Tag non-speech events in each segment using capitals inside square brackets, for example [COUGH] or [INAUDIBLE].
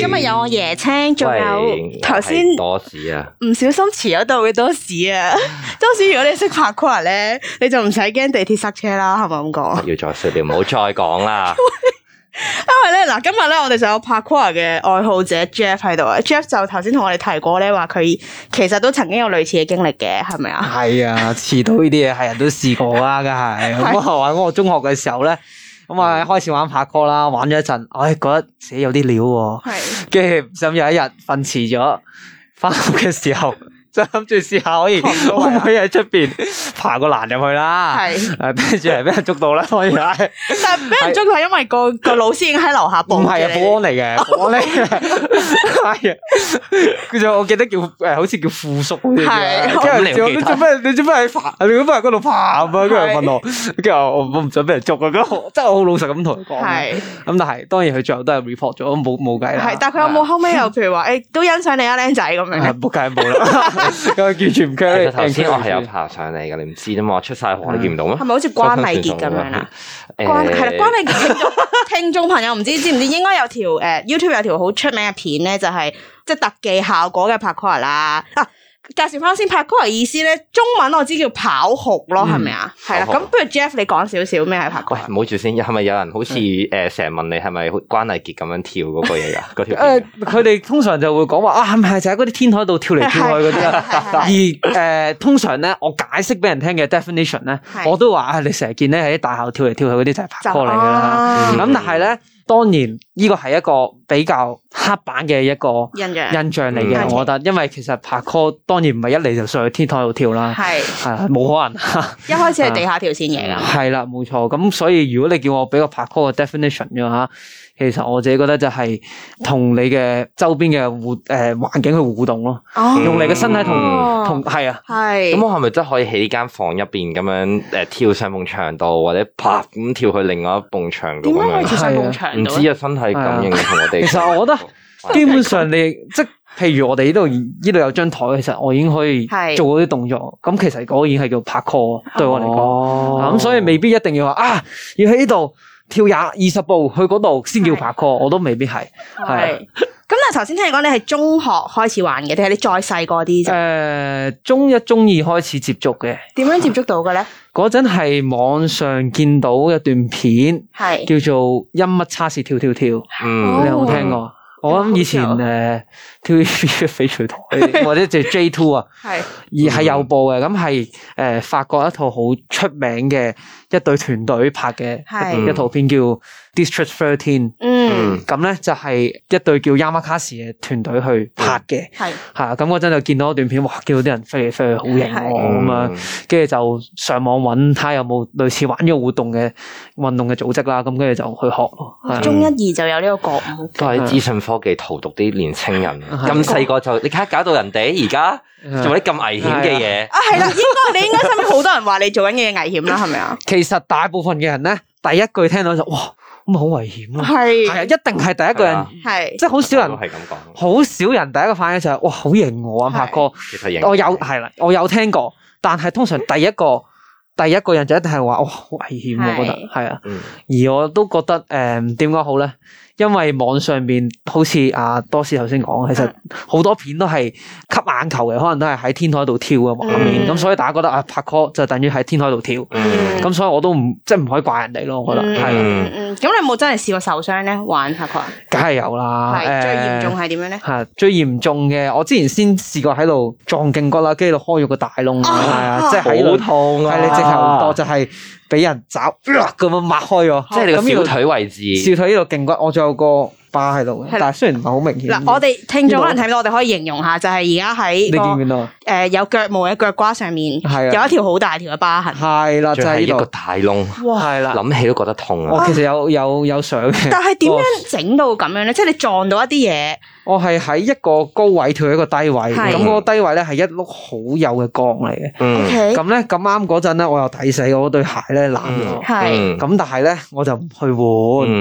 今日有我椰青，仲有頭先喂剛才 多士啊，唔小心遲咗到嘅多士啊！多士，如果你識 Parkour 咧，你就唔使驚地鐵塞車啦，係咪咁講？要再說你唔好再講啦。 [LAUGHS] [LAUGHS] 因為咧嗱，今日咧我哋就有 Parkour 嘅愛好者 Jeff 喺度啊。 [LAUGHS] Jeff 就頭先同我哋提過咧，話佢其實都曾經有類似嘅經歷嘅，係咪啊？係啊，遲到呢啲嘢係人都試過啊，梗係。我話我中學嘅時候咧。咁啊，嗯嗯、開始玩 Parkour 啦，玩咗一陣，唉、哎，覺得自己有啲料喎、啊，跟住咁有一日瞓遲咗，返學嘅時候。 [LAUGHS] 諗住試下可以，可唔可以喺出邊爬個欄入去啦？係，跟住係俾人捉到啦，所以。但係俾人捉係因為個個老師已經喺樓下報。唔係啊，保安嚟嘅，保安嚟嘅，係啊。佢就我記得叫誒，好似叫富叔咁樣嘅。你做咩？你做咩喺爬？你做咩喺嗰度爬啊？跟住問我，跟住我我唔想俾人捉啊！咁我真係我好老實咁同佢講。係。咁但係，當然佢最後都係 report 咗，冇冇計啦。係，但係佢有冇後尾又譬如話誒，都欣賞你啊，僆仔咁樣？冇計，冇啦。咁完全唔見頭先，我係有爬上嚟㗎，你唔知咋嘛？出晒汗，你見唔到咩？係咪好似關麗杰咁樣啊？誒，係、哎、啦，關麗杰聽眾朋友唔知知唔知應該，應該有條誒 YouTube 有條好出名嘅片咧，就係、是、即係特技效果嘅拍拖啦啊！介紹翻先，Parkour 嘅意思咧，中文我知叫跑酷咯，係咪啊？係啦吧，咁好不如 Jeff 你講少少咩？Parkour，唔好住先，係咪有人好似誒成日問你係咪關禮傑咁樣跳嗰個嘢噶？嗰條， [LAUGHS] 誒、呃，佢哋通常就會講話啊，係咪就喺嗰啲天台度跳嚟跳去嗰啲啊？ [LAUGHS] 而誒、呃，通常咧，我解釋俾人聽嘅 definition 咧，是我都話 [LAUGHS] 啊，你成日見咧喺大廈，跳嚟跳去嗰啲就係 Parkour 嚟噶啦。咁但係咧，當然。當然呢個係一個比較黑板嘅一個印象，印象嚟嘅，我覺得，因為其實拍 call 當然唔係一嚟就上去天台度跳啦，係冇可能。一開始係地下跳先贏啊！係啦，冇錯。咁所以如果你叫我俾個拍 call 嘅 definition 嘅嚇，其實我自己覺得就係同你嘅周邊嘅互誒環境去互動咯，用你嘅身體同，同係啊，係。咁我係咪真可以喺呢間房入邊咁樣誒跳上棟牆度，或者啪咁跳去另外一棟牆咁樣？係啊，唔知啊，身體。係， [MUSIC] 其實我覺得基本上你即譬如我哋呢度呢度有張台，其實我已經可以做嗰啲動作。咁是其實嗰個已經係叫 Parkour，對我嚟講，咁、哦嗯、所以未必一定要話啊，要喺呢度跳廿二十步去嗰度先叫 Parkour，是我都未必係。係。頭先聽你講，你係中學開始玩嘅，定係你再細個啲啫？誒、呃，中一、中二開始接觸嘅。點樣接觸到嘅咧？嗰陣係網上見到一段片，係是叫做《因乜差事跳跳跳》，嗯、你有冇聽過？哦、我諗以前誒，TVB 翡翠台，或者就 J Two 啊，係 [LAUGHS] 是而係有部嘅。咁係誒，法國一套好出名嘅一隊團隊拍嘅一套片叫。是嗯 District Thirteen，嗯，咁咧就係一對叫 Yamakasi 嘅團隊去拍嘅，係、嗯，嚇咁嗰陣就見到一段片，哇，見到啲人飛嚟飛去好型喎，咁樣、啊，跟住的就上網揾睇有冇類似玩呢個活動嘅運動嘅組織啦，咁跟住就去學咯。中、哦、一二就有呢個覺悟，的的都係資訊科技荼毒啲年青人，咁細個就你睇下搞到人哋而家做啲咁危險嘅嘢啊，係、啊、啦，應該你應該身邊好多人話你做緊嘅嘢危險啦，係咪啊？其實大部分嘅人咧，第一句聽到就哇～咁好危險啊，係係啊，一定係第一個人，係即係好少人，都係咁講。好少人第一個反應就係哇，好型我啊，Parkour。我有係啦，我有聽過，但係通常第一個第一個人就一定係話哇，好危險，我覺得係啊。而我都覺得誒點講好咧？因為網上邊好似阿多士頭先講，其實好多片都係吸眼球嘅，可能都係喺天台度跳嘅畫面。咁所以大家覺得啊，Parkour 就等於喺天台度跳。咁所以我都唔即係唔可以怪人哋咯。我覺得係。咁你有冇真係試過受傷咧，玩下佢？梗係有啦，係是、呃、最嚴重係點樣咧？吓，最嚴重嘅，我之前先試過喺度撞脛骨啦，跟住度開咗個大窿，係啊，啊即係好痛啊！係你、啊、直頭就係俾人砸咁、呃、樣抹開咗，即係你個小腿位置，小腿呢度脛骨，我仲有個。疤喺度嘅，但係雖然唔係好明顯。嗱，我哋聽眾可能睇到，我哋可以形容下，就係而家喺，你見唔見到？誒有腳毛喺腳瓜上面，係有一條好大條嘅疤痕，係啦，就係呢個大窿，哇，係啦，諗起都覺得痛啊！我其實有有有相嘅，但係點樣整到咁樣咧？即係你撞到一啲嘢，我係喺一個高位跳去一個低位，咁嗰個低位咧係一碌好幼嘅鋼嚟嘅，OK，咁咧咁啱嗰陣咧，我又抵死我對鞋咧爛咗，係，咁但係咧我就唔去換，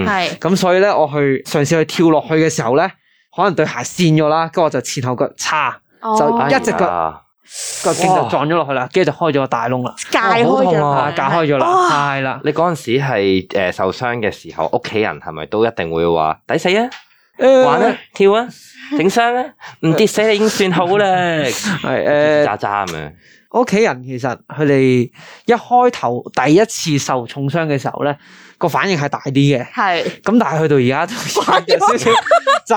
係，咁所以咧我去嘗試去。跳落去嘅時候咧，可能對鞋跣咗啦，跟住我就前後腳叉，oh. 就一隻腳個頸就撞咗落去啦，跟住就開咗個大窿啦，好、哦、痛啊，解開咗啦，係啦、oh. 了，你嗰陣時係誒受傷嘅時候，屋企人係咪都一定會話抵死啊，玩啊，呃、跳啊，整傷啊，唔、 [LAUGHS] 啊、跌死你已經算好啦，係誒渣渣咁樣。呃呃屋企人其實佢哋一開頭第一次受重傷嘅時候咧，個反應係大啲嘅。係的。咁但係去到而家就弱少少，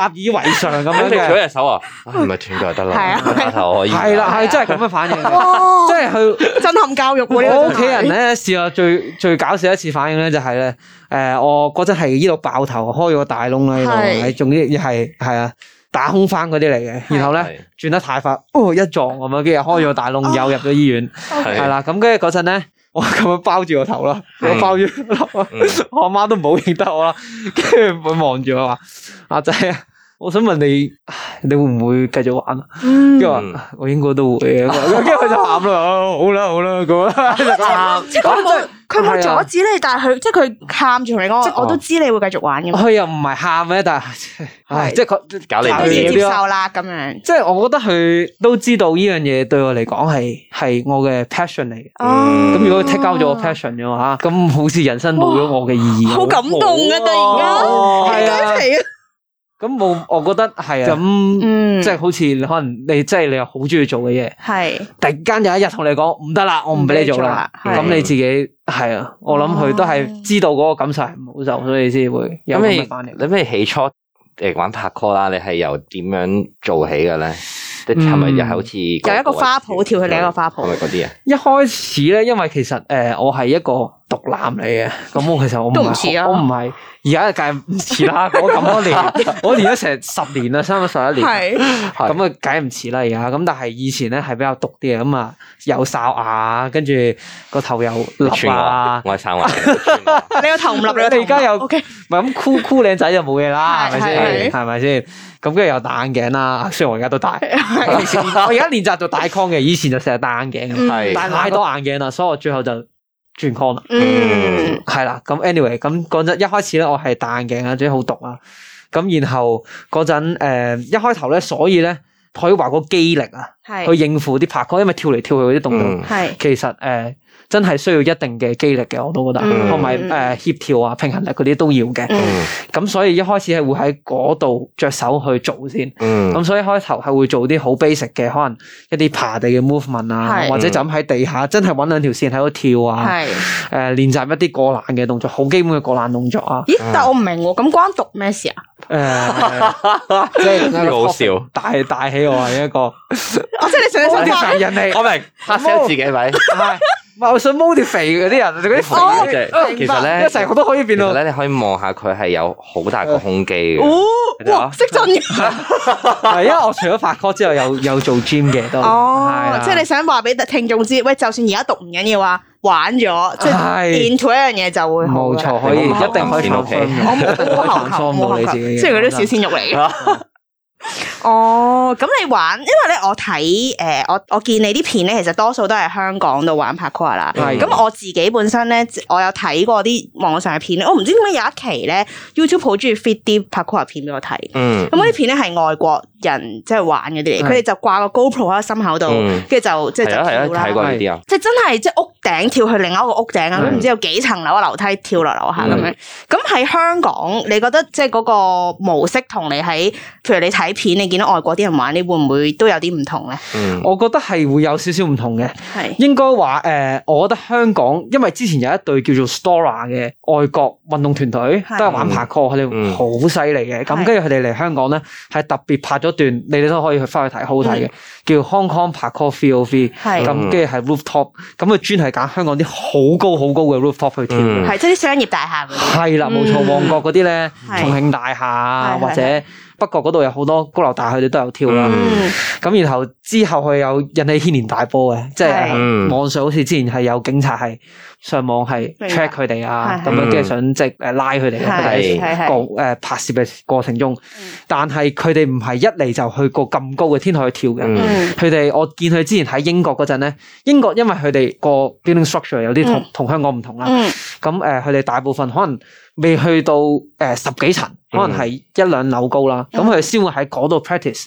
習以為常咁樣。玩了 [LAUGHS] 你斷咗隻手啊？唔係斷就、啊、得啦，打頭可以。係啦，係真係咁嘅反應，哦、真係去震撼教育我。屋企人咧試過最最搞笑一次反應咧就係、是、咧，誒、呃，我嗰陣係呢度爆頭開咗個大窿啦，仲要係係啊。打空翻嗰啲嚟嘅，然後呢，轉得太快，哦一撞我咪？跟住開咗大窿，又入咗醫院，係啦。咁跟住嗰陣咧，我咁樣包住個頭啦，包住，我阿媽都冇認得我啦。跟住佢望住我話：阿仔，我想問你，你會唔會繼續玩啊？跟住我應該都會啊。跟住佢就喊啦，好啦好啦咁啊，佢冇阻止你，但係佢即係佢喊住同你講，我都知你會繼續玩嘅。佢又唔係喊咩？但係即係佢搞你。都要接受啦，咁樣。即係我覺得佢都知道呢樣嘢對我嚟講係我嘅 passion 嚟嘅。咁如果踢交咗我 passion 嘅話，咁好似人生冇咗我嘅意義。好感動啊！突然間起雞皮咁冇，我覺得係啊，咁即係好似你可能你即係你又好中意做嘅嘢，係突然間有一日同你講唔得啦，我唔俾你做啦，咁你自己係啊，我諗佢都係知道嗰個感受唔好受，所以先會咁你，你咩起初誒玩 Parkour 啦？你係由點樣做起嘅咧？係咪又係好似有一個花圃跳去另一個花圃？係咪嗰啲啊？一開始咧，因為其實誒，我係一個。毒男嚟嘅，咁我其實我唔係，我唔係，而家計唔似啦。我咁多年，我練咗成十年啦，差唔多十一年。咁啊，梗係唔似啦。而家咁，但係以前咧係比較毒啲嘅，咁啊有哨牙，跟住個頭又甩啊。我係生環。你個頭唔甩，你你而家又唔係咁酷酷靚仔就冇嘢啦，係咪先？係咪先？咁跟住又戴眼鏡啦。雖然我而家都戴，我而家練習做戴框嘅，以前就成日戴眼鏡嘅，戴太多眼鏡啦，所以我最後就。轉控啦，嗯，係啦， [LAUGHS] 咁 anyway，咁嗰陣一開始咧，我係戴眼鏡啊，最好毒啊，咁然後嗰陣誒，一開頭咧，所以咧可以話個肌力啊，係是去應付啲拍高，因為跳嚟跳去嗰啲動作，係、嗯、其實誒。呃真係需要一定嘅肌力嘅，我都覺得，同埋誒協調啊、平衡力嗰啲都要嘅。咁所以一開始係會喺嗰度着手去做先。咁所以開頭係會做啲好 basic 嘅，可能一啲爬地嘅 movement 啊，或者就咁喺地下真係揾兩條線喺度跳啊，誒練習一啲過欄嘅動作，好基本嘅過欄動作啊。咦？但我唔明喎，咁關讀咩事啊？誒，即係好笑，帶帶起我係一個，我即係你想想發人哋，我明嚇死自己咪。咪我想摸啲肥嗰啲人，嗰啲肥嘅，其實咧，一成我都可以變到。其實咧，你可以望下佢係有好大個胸肌嘅。哇！識真嘅，係因為我除咗發歌之後，有有做 gym 嘅都。哦，即係你想話俾聽眾知，喂，就算而家讀唔緊要啊，玩咗即係 into 一樣嘢就會。冇錯，可以一定可以變到肥。我冇冇含蓄，冇含蓄。雖然佢啲小鮮肉嚟嘅。哦，咁你玩，因為咧我睇，誒、呃，我我見你啲片咧，其實多數都係香港度玩 Parkour 啦。係的，咁我自己本身咧，我有睇過啲網上嘅片，我唔知點解有一期咧 YouTube 好中意 feed 啲 Parkour 片俾我睇。嗯，咁嗰啲片咧係、嗯、外國。人即係玩嗰啲嚟，佢哋就掛個 GoPro 喺個心口度，跟住就即係就睇過呢啲啊，即係真係即係屋頂跳去另外一個屋頂啊！都唔知有幾層樓嘅樓梯跳落樓下咁樣，咁喺香港，你覺得即係嗰個模式同你喺，譬如你睇片，你見到外國啲人玩，你會唔會都有啲唔同咧？我覺得係會有少少唔同嘅。係應該話誒我覺得香港，因為之前有一隊叫做 Stora 嘅外國運動團隊都係玩爬 call 佢哋好犀利嘅。咁跟住佢哋嚟香港咧，係特別拍咗。一段你哋都可以去翻去睇，好睇嘅叫 Hong Kong Parkour POV，咁跟住係 rooftop，咁佢專係揀香港啲好高好高嘅 rooftop 去跳，係即係啲商業大廈嘅。係啦，冇錯，旺角嗰啲咧，嗯、重慶大廈是或者。北角嗰度有好多高樓大廈，佢哋都有跳啦。咁然後之後佢有引起牽連大波嘅，即係網上好似之前係有警察係上網係 check 佢哋啊，咁樣嘅想即係拉佢哋喺誒拍攝嘅過程中。但係佢哋唔係一嚟就去過咁高嘅天台去跳嘅。佢哋我見佢之前喺英國嗰陣咧，英國因為佢哋個 building structure 有啲同同香港唔同啦。咁誒，佢哋大部分可能。未去到誒、呃、十幾層，可能係一兩樓高啦。咁佢哋先會喺嗰度 practice，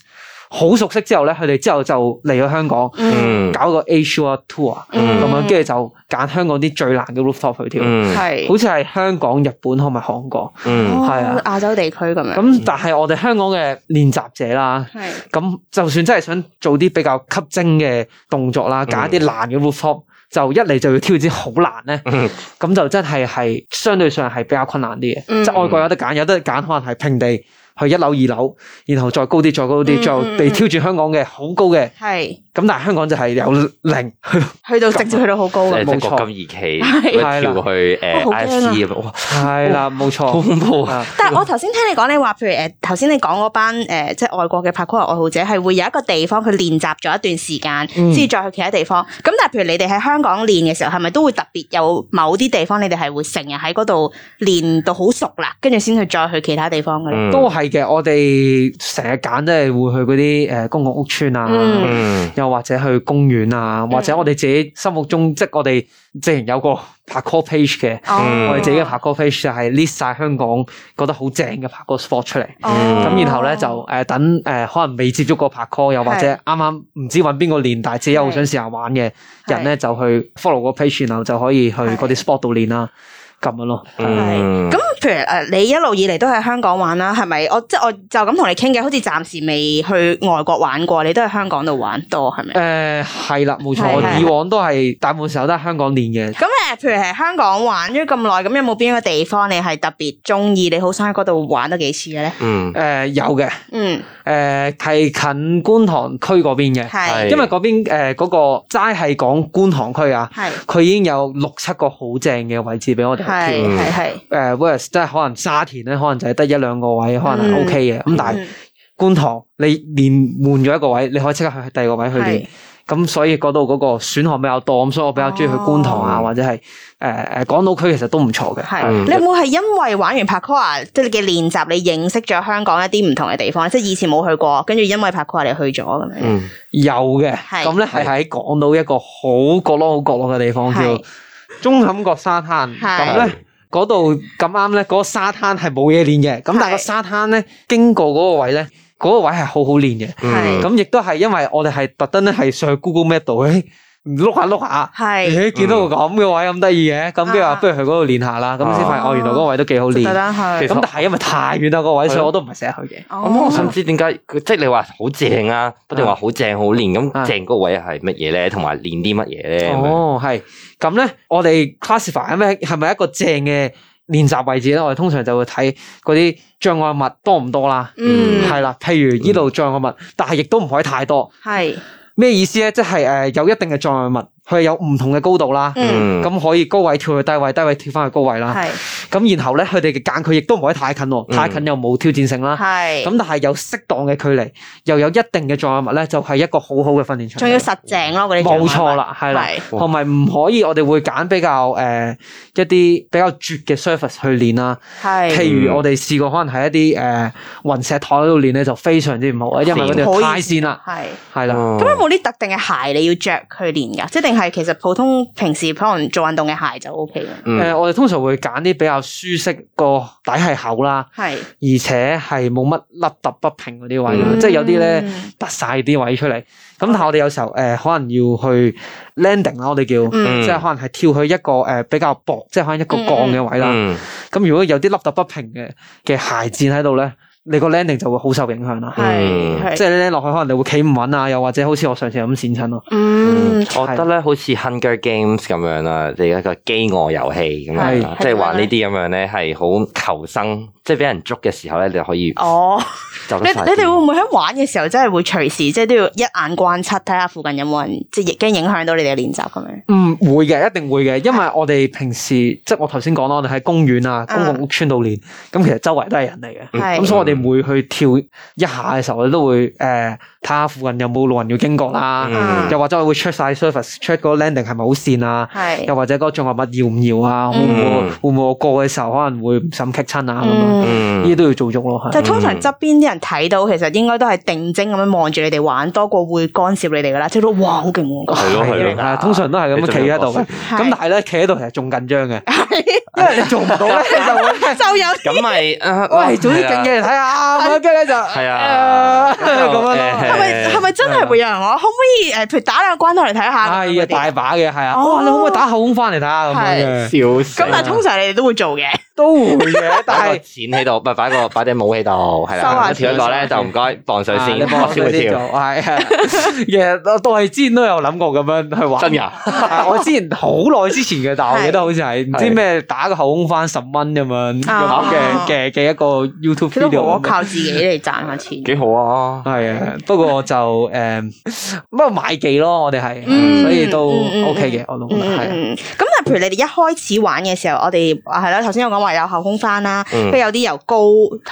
好熟悉之後咧，佢哋之後就嚟咗香港，嗯、搞個 Asia tour 咁樣、嗯，跟住就揀香港啲最難嘅 rooftop 去跳，係、嗯、好似係香港、日本同埋韓國，係、嗯、啊、哦、亞洲地區咁樣。咁但係我哋香港嘅練習者啦，咁、嗯、就算真係想做啲比較吸睛嘅動作啦，揀一啲難嘅 rooftop。Top, 就一嚟就要挑戰好難呢。咁 [NOISE] 就真係係相對上係比較困難啲嘅。 [NOISE] 即係外國有得揀，有得揀可能係平地。去一樓、二樓，然後再高啲、再高啲，再後被挑住香港嘅好高嘅。係。咁但係香港就係有零去去到直接去到好高嘅？冇錯。國金二期，一跳去誒 IFC 哇！係啦冇錯。好恐怖啊！但係我頭先聽你講，你話譬如誒頭先你講嗰班誒即係外國嘅 Parkour 愛好者係會有一個地方佢練習咗一段時間，先至再去其他地方。咁但係譬如你哋喺香港練嘅時候，係咪都會特別有某啲地方，你哋係會成日喺嗰度練到好熟啦，跟住先去再去其他地方嘅？都係。係嘅，我哋成日揀都係會去嗰啲誒公共屋邨啊，嗯、又或者去公園啊，或者我哋自己心目中，即係我哋之前有個拍 call page 嘅，嗯、我哋自己嘅拍 call page 就係 list 曬香港覺得好正嘅拍個 spot 出嚟，咁、嗯、然後咧就誒等誒、呃、可能未接觸過拍 call，又或者啱啱唔知揾邊個練，但係自己又好想試下玩嘅人咧，就去 follow 個 page，然後就可以去嗰啲 spot 度練啦。嗯嗯咁樣咯，咁、嗯嗯、譬如誒，你一路以嚟都喺香港玩啦，係咪？我即係我就咁同你傾嘅，好似暫時未去外國玩過，你都喺香港度玩多係咪？誒係啦，冇、呃、錯，的以往都係大部分時候都係香港練嘅。咁誒，譬如喺香港玩咗咁耐，咁有冇邊一個地方你係特別中意？你好想喺嗰度玩多幾次嘅咧？嗯，誒、呃、有嘅。嗯，誒係、呃、近觀塘區嗰邊嘅，係的因為嗰邊誒嗰個齋係講觀塘區啊，係佢已經有六七個好正嘅位置俾我哋。係係係，誒 West 即係可能沙田咧，可能就係得一兩個位，可能係 O K 嘅。咁但係觀塘你練滿咗一個位，你可以即刻去第二個位去練。咁所以嗰度嗰個選項比較多，咁所以我比較鍾意去觀塘啊，或者係誒誒港島區其實都唔錯嘅。你有冇係因為玩完 Parkour 即你嘅練習，你認識咗香港一啲唔同嘅地方，即係以前冇去過，跟住因為 Parkour 你去咗咁樣？有嘅，咁咧係喺港島一個好角落好角落嘅地方叫。中肯角沙灘咁咧，嗰度咁啱咧，嗰是的、嗰個沙灘係冇嘢練嘅，咁是的 但係個沙灘咧，經過嗰個位咧，嗰、嗰個位係好好練嘅，咁亦都係因為我哋係特登咧係上去 Google Map 度。碌下碌下，誒，見到個咁嘅位咁得意嘅，咁跟住話不如去嗰度練下啦？咁先發現，哦，原來嗰個位都幾好練，咁但係因為太遠啦，嗰個位，所以我都唔成日去嘅。咁我想知點解？即係你話好正啊，不停話好正好練，咁正嗰個位係乜嘢咧？同埋練啲乜嘢咧？哦，係，咁咧我哋 classifier 係咪一個正嘅練習位置咧？我哋通常就會睇嗰啲障礙物多唔多啦，嗯，係啦，譬如呢度障礙物，但係亦都唔可以太多。係。咩意思咧？即係誒、呃，有一定嘅障礙物。佢有唔同嘅高度啦，咁可以高位跳去低位，低位跳翻去高位啦。係咁，然後咧，佢哋嘅間距亦都唔可以太近喎，太近又冇挑戰性啦。係咁，但係有適當嘅距離，又有一定嘅障礙物咧，就係一個好好嘅訓練場。仲要實正咯，嗰啲冇錯啦，係啦，同埋唔可以，我哋會揀比較誒一啲比較絕嘅 surface 去練啦。係，譬如我哋試過可能喺一啲誒雲石台度練咧，就非常之唔好啊，因為嗰哋胎線啦。係係啦，咁有冇啲特定嘅鞋你要着去練噶，即係其實普通平時可能做運動嘅鞋就 OK 嘅。誒、嗯呃，我哋通常會揀啲比較舒適個底係厚啦，係是而且係冇乜凹凸不平嗰啲位，嗯、即係有啲咧凸晒啲位出嚟。咁、嗯、但係我哋有時候誒、呃、可能要去 landing 啦，我哋叫，嗯、即係可能係跳去一個誒、呃、比較薄，即係可能一個降嘅位啦。咁如果有啲凹凸不平嘅嘅鞋墊喺度咧。你個 landing 就會好受影響啦是、嗯，係即係你落去可能你會企唔穩啊，又或者好似我上次咁跣親咯。嗯，嗯、我覺得咧是 好似 Hunger Games 咁樣啦、啊，即係一個飢餓遊戲咁樣、啊，是 即係玩呢啲咁樣咧係好求生，即係俾人捉嘅時候咧你可以哦你。你你哋會唔會喺玩嘅時候真係會隨時即係都要一眼關七，睇下附近有冇人，即係已經影響到你哋嘅練習咁樣？嗯，會嘅，一定會嘅，因為我哋平時即係我頭先講咯，我哋喺公園啊、公共屋邨度練，咁其實周圍都係人嚟嘅，咁、嗯嗯、所以我哋。會去跳一下嘅時候，你都會誒睇下附近有冇路人要經過啦，又或者我會 check 晒 surface，check 個 landing 係咪好線啊，又或者嗰個障礙物搖唔搖啊，會唔會會唔會我過嘅時候可能會唔慎 kick 親啊咁樣，呢啲都要做足咯。就通常側邊啲人睇到，其實應該都係定睛咁樣望住你哋玩，多過會干涉你哋噶啦。即都哇好勁！係咯係咯，通常都係咁樣企喺度嘅。咁但係咧，企喺度其實仲緊張嘅，因為你做唔到咧，就就有咁咪誒，喂，做啲勁嘢，睇下。啊！跟住咧就係啊，咁樣係咪係咪真係會有人話可唔可以誒？譬如打兩個關頭嚟睇下，係啊，大把嘅係啊。哦，你可唔可以打後空翻嚟睇下咁樣？笑死，咁但係通常你哋都會做嘅，都會嘅。擺個錢喺度，唔係擺個擺啲武器度，係收下條落咧，就唔該放水先。你幫我超一超。係係，其實我都係之前都有諗過咁樣去玩。真噶！我之前好耐之前嘅，但係我記得好似係唔知咩打個後空翻十蚊咁樣嘅嘅嘅一個 YouTube video。我靠自己嚟賺下錢，幾 [LAUGHS] 好啊！係啊， [LAUGHS] 不過就誒，咁、嗯、啊買技咯，我哋係，所以都 OK 嘅，嗯嗯嗯、我都覺得係咁啊。譬如你哋一開始玩嘅時候，我哋係啦，頭先我講話有後空翻啦，跟住、嗯、有啲由高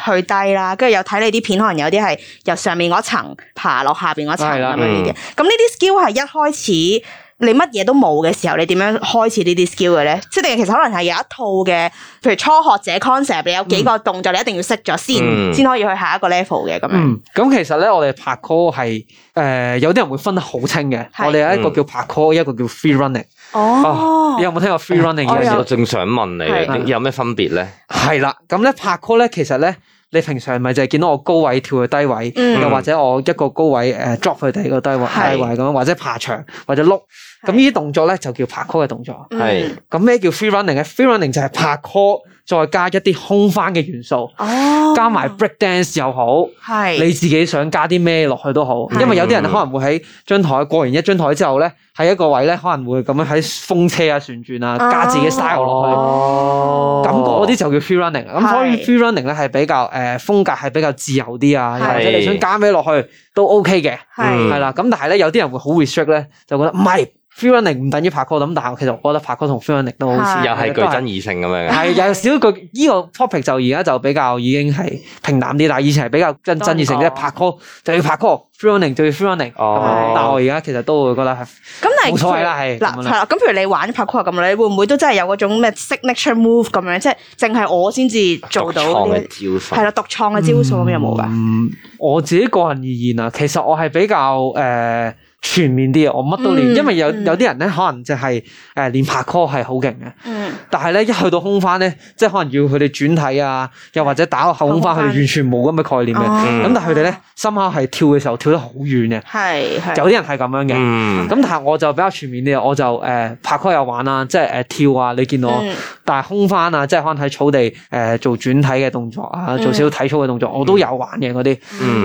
去低啦，跟住又睇你啲片，可能有啲係由上面嗰層爬落下邊嗰層咁呢啲。咁呢啲 skill 係一開始。你乜嘢都冇嘅時候，你點樣開始呢啲 skill 嘅咧？即係其實可能係有一套嘅，譬如初學者 concept，你有幾個動作你一定要識咗先，先、嗯、可以去下一個 level 嘅咁。嗯，咁其實咧，我哋 Parkour 係誒有啲人會分得好清嘅。是我哋有一個叫 Parkour，嗯、一個叫 free running 哦。哦，你有冇聽過 free running 嘅？ [LAUGHS] 我正想問你，是有咩分別咧？係啦，咁咧 Parkour 咧，其實咧。你平常咪就係見到我高位跳去低位，嗯、又或者我一個高位誒、uh, drop 去第二個低位，低位咁樣，或者爬牆或者碌，咁呢啲動作咧就叫 Parkour 嘅動作。係是，咁咩叫 free running 咧 [LAUGHS] ？free running 就係 Parkour，再加一啲空翻嘅元素，哦、加埋 break dance 又好，是你自己想加啲咩落去都好，是因為有啲人可能會喺張台是過完一張台之後呢，喺一個位呢可能會咁樣喺風車啊旋轉啊，加自己 style 落去，咁嗰啲就叫 free、er、running 是。咁所以 free、er、running 咧係比較、呃、風格係比較自由啲啊，是或者你想加咩落去都 OK 嘅，係啦是。咁是但係咧有啲人會好 restrict 咧，就覺得唔係 free running 唔等於 parkour 咁，但係我其實我覺得 parkour 同 free running 都好似又係具爭議性咁樣嘅。係有少句呢個 topic 就而家就比較已經係平淡啲，但以前係比較真爭議性嘅 parkour 就要 parkour，free running [LAUGHS] 就要 free running。哦，但係我而家其實都會覺得係。咁但係冇所謂啦，係奪。嗱是，咁譬如你玩 parkour 咁，你會唔會都真係有嗰種咩 signature move 咁樣，即係淨係我先至做到嘅。係啦，獨創嘅招數咁有冇噶？嗯，有有我自己個人而言啊，其實我係比較誒。呃全面啲啊！我乜都練，因為有有啲人咧，可能就係誒練拍 call 係好勁嘅，呃嗯、但係咧一去到空翻咧，即係可能要佢哋轉體啊，又或者打個後空翻，佢哋翻完全冇咁嘅概念嘅。咁、嗯、但係佢哋咧，深刻係跳嘅時候跳得好遠嘅，係、嗯，有啲人係咁樣嘅。咁、嗯、但係我就比較全面啲啊，我就誒拍 call 又玩啦，即係誒、呃、跳啊，你見我，嗯、但係空翻啊，即係可能喺草地誒、呃、做轉體嘅動作啊，做少少體操嘅動作，我都、嗯、有玩嘅嗰啲。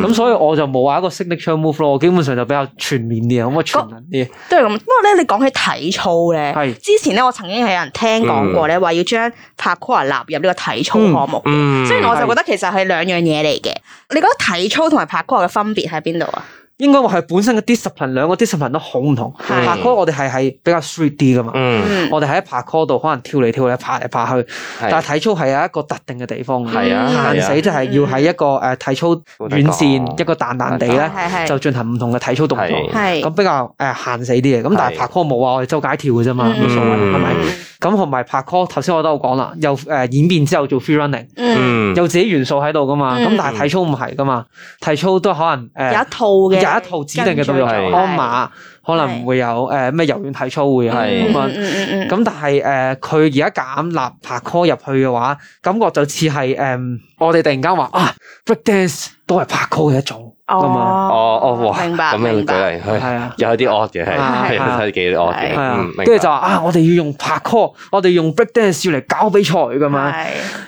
咁所以我就冇話一個 signature move 咯，我基本上就比較全面。啲有冇乜全能啲？都係咁。不過咧，你講起體操咧，是的 之前咧，我曾經係有人聽講過咧，話、嗯、要將 Parkour 納入呢個體操項目、嗯、所以我就覺得其實係兩樣嘢嚟嘅。你覺得體操同埋 Parkour 嘅分別喺邊度啊？應該話係本身嘅 discipline 兩個 discipline 都好唔同。Parkour 我哋係係比較 3D 啲噶嘛，我哋喺 Parkour 度可能跳嚟跳去、爬嚟爬去。但係體操係有一個特定嘅地方嘅，限死即係要喺一個誒體操軟線一個彈彈地咧，就進行唔同嘅體操動作。咁比較誒限死啲嘅，咁但係 Parkour 冇啊，我哋周街跳嘅啫嘛，冇所謂，係咪？咁同埋 Parkour 頭先我都有講啦，又誒演變之後做 free running，有自己元素喺度噶嘛。咁但係體操唔係噶嘛，體操都可能誒有一套嘅。第一套指定嘅內容係鞍馬，可能會有誒咩柔軟體操會係咁啊。咁但係誒佢而家減立拍 call 入去嘅話，感覺就似係誒我哋突然間話啊 break dance 都係拍 call 嘅一種咁嘛。哦哦，明白明白，係啊，又有啲惡嘅係，睇幾惡嘅，係啊。跟住就話啊，我哋要用拍 call，我哋用 break dance 要嚟搞比賽咁嘛。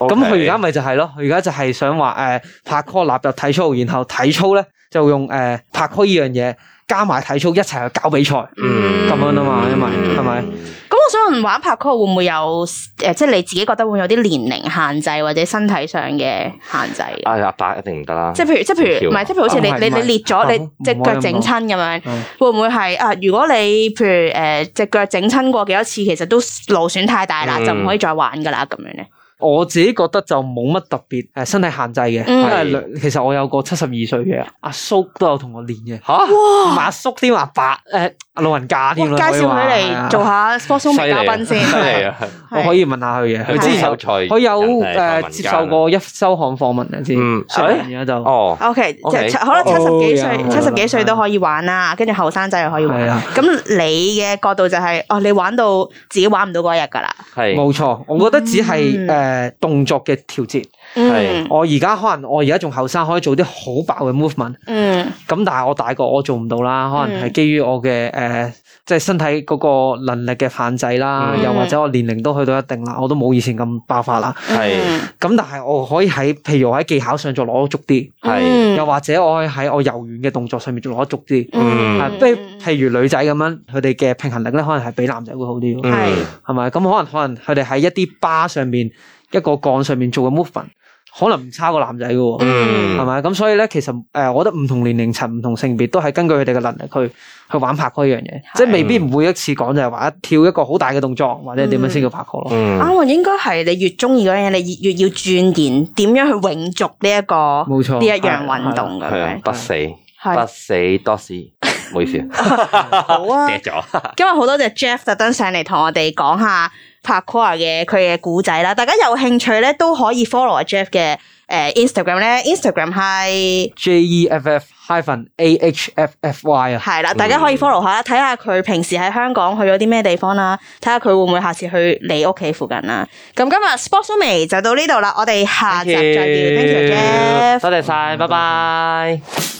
咁佢而家咪就係咯，佢而家就係想話誒拍 call 納入體操，然後體操咧，就用誒 Parkour 呢樣嘢加埋體操一齊去搞比賽，咁樣啊嘛，因為係咪？咁我想問玩 Parkour 會唔會有誒，即係你自己覺得會有啲年齡限制或者身體上嘅限制？啊，一定唔得啦！即係譬如，即係譬如，唔係即譬如，好似你你你列咗你隻腳整親咁樣，會唔會係啊？如果你譬如誒隻腳整親過幾多次，其實都勞損太大啦，就唔可以再玩噶啦咁樣咧。我自己覺得就冇乜特別誒身體限制嘅，因為其實我有個七十二歲嘅阿叔都有同我練嘅，嚇，阿叔啲話白誒老人家添咯。介紹佢嚟做下 Sportso 嘅嘉賓先，係啊，我可以問下佢嘅，佢之前有，佢有誒接受過壹週刊訪問嘅先，所以而家就，OK，即係可能七十幾歲，七十幾歲都可以玩啦，跟住後生仔又可以玩啦。咁你嘅角度就係，哦，你玩到自己玩唔到嗰日㗎啦？係冇錯，我覺得只係誒。誒動作嘅調節，係是我而家可能我而家仲後生，可以做啲好爆嘅 movement。嗯，咁但係我大個，我做唔到啦。可能係基於我嘅誒、呃，即係身體嗰個能力嘅限制啦。嗯、又或者我年齡都去到一定啦，我都冇以前咁爆發啦。係咁是，嗯、但係我可以喺譬如喺技巧上再攞足啲，係、嗯、又或者我可以喺我柔軟嘅動作上面再攞足啲。嗯，譬、嗯、如譬如女仔咁樣，佢哋嘅平衡力咧，可能係比男仔會好啲。係係咪？咁是可能可能佢哋喺一啲巴上面。一個槓上面做嘅 movement，可能唔差過男仔㗎，係咪、嗯？咁所以咧，其實誒，我覺得唔同年齡層、唔同性別都係根據佢哋嘅能力去去玩 Parkour 一樣嘢，即係未必唔每一次講就係話跳一個好大嘅動作或者點樣先叫 Parkour 咯。啱啊，應該係你越中意嗰樣嘢，你越要鑽研點樣去永續呢、這、一個冇錯呢一樣運動咁樣不死不死多士，唔好意思，好啊，咗！今日好多謝 Jeff 特登上嚟同我哋講下。拍 our 嘅佢嘅古仔啦，大家有興趣咧都可以 follow 阿 Jeff 嘅誒 Instagram 咧，Instagram 係 Jeff-Ahffy 啊，係啦，大家可以 follow 下啦，睇下佢平時喺香港去咗啲咩地方啦，睇下佢會唔會下次去你屋企附近啦。咁今日 Sportso-mate 就到呢度啦，我哋下集再見。Thank you Jeff，多謝晒，拜拜。